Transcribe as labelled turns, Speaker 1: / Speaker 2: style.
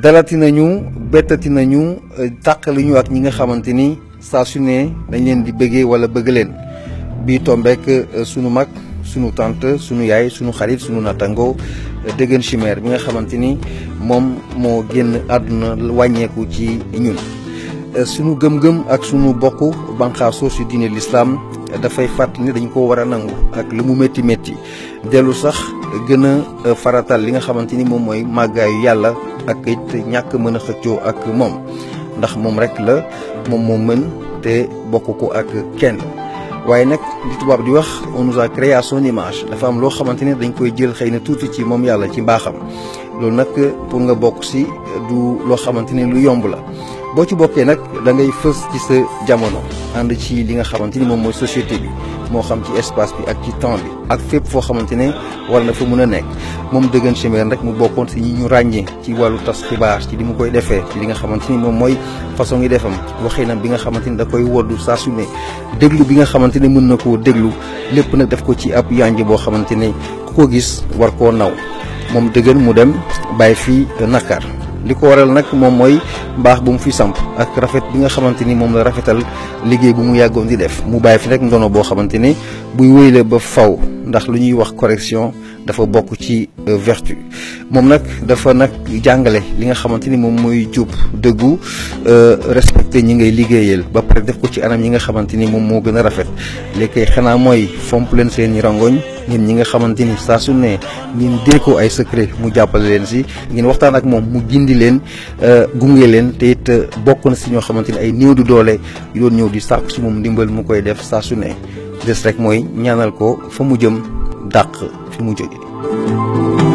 Speaker 1: dalati nañu bettati nañu euh, tàqali ñu ak ñi nga xamante ni saa su ne dañ leen di bëggee wala bëgg leen bii tombeek euh, sunu mag sunu tante sunu yaay sunu xarit sunu nattangoo euh, dëggan chimère bi nga xamante ni moom moo génn àdduna wàññeeku ci ñun gëm-gëm ak sunu bokk banqaasoo si diine lislaam dafay fàttali ne ko war a nangu ak lu mu métti métti dellu sax gën a faratal li nga xamante ni moom mooy màggaayu yàlla ak it ñak mëna xëccu ak mom ndax mom rek la mom mo mën té bokku ak kenn waye nak di tubab di wax on nous a créé à son image la femme lo xamanteni dañ koy jël xeyna tuti ci mom yalla ci baxam lool nak pour nga bok ci du lo xamanteni lu yomb la boo ci bokkee nag da fës ci sa jamono ànd ci li nga xamante ni moom mooy société bi moo xam ci espace bi ak ci temps bi ak fépp foo xamante ne war na fa mun a nekk moom Deguene Chimère rek mu bokkoon si ñi ñu ràññee ci wàllu tas xibaar ci li mu koy defee ci li nga xamante ni moom mooy façon yi defam waxinam bi nga xamante ni da koy woddu saa su ne déglu bi nga xamante ne mën na koo déglu lépp nag def ko ci ab yanj boo xamante ne ku ko gis war koo naw moom Deguene mu dem bàyyi fii nakaar li ko waral nag moom mooy mbaax bu mu fi samp ak rafet bi nga xamante ni moom la rafetal liggéey bu mu yàggoon di def mu bàyyi fi rek ndono boo xamante ni buy wéy ba faw ndax lu ñuy wax correction dafa bokk ci euh, vertu moom nag dafa nag jàngale li nga xamante ni moom mooy jub dëggu euh, respecté ñi ngay liggéeyal ba pare def ko ci anam yi nga xamante ni moom moo gën a rafet léegi xanaa mooy fomp leen seen i rangoñ ngeen ñi nga xamante ni saa su ne ngeen dee ko ay secret mu jàppale leen si ngeen waxtaan ak moom mu gindi leen euh, gunge leen te it euh, bokk na si ñoo xamante ni ay néew du doole yu doon ñëw di sàkku si moom ndimbal mu koy def saa su ne des rek mooy ñaanal ko fa mu jëm dàq fi mu jóge